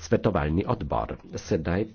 svetovalni odbor. Sedaj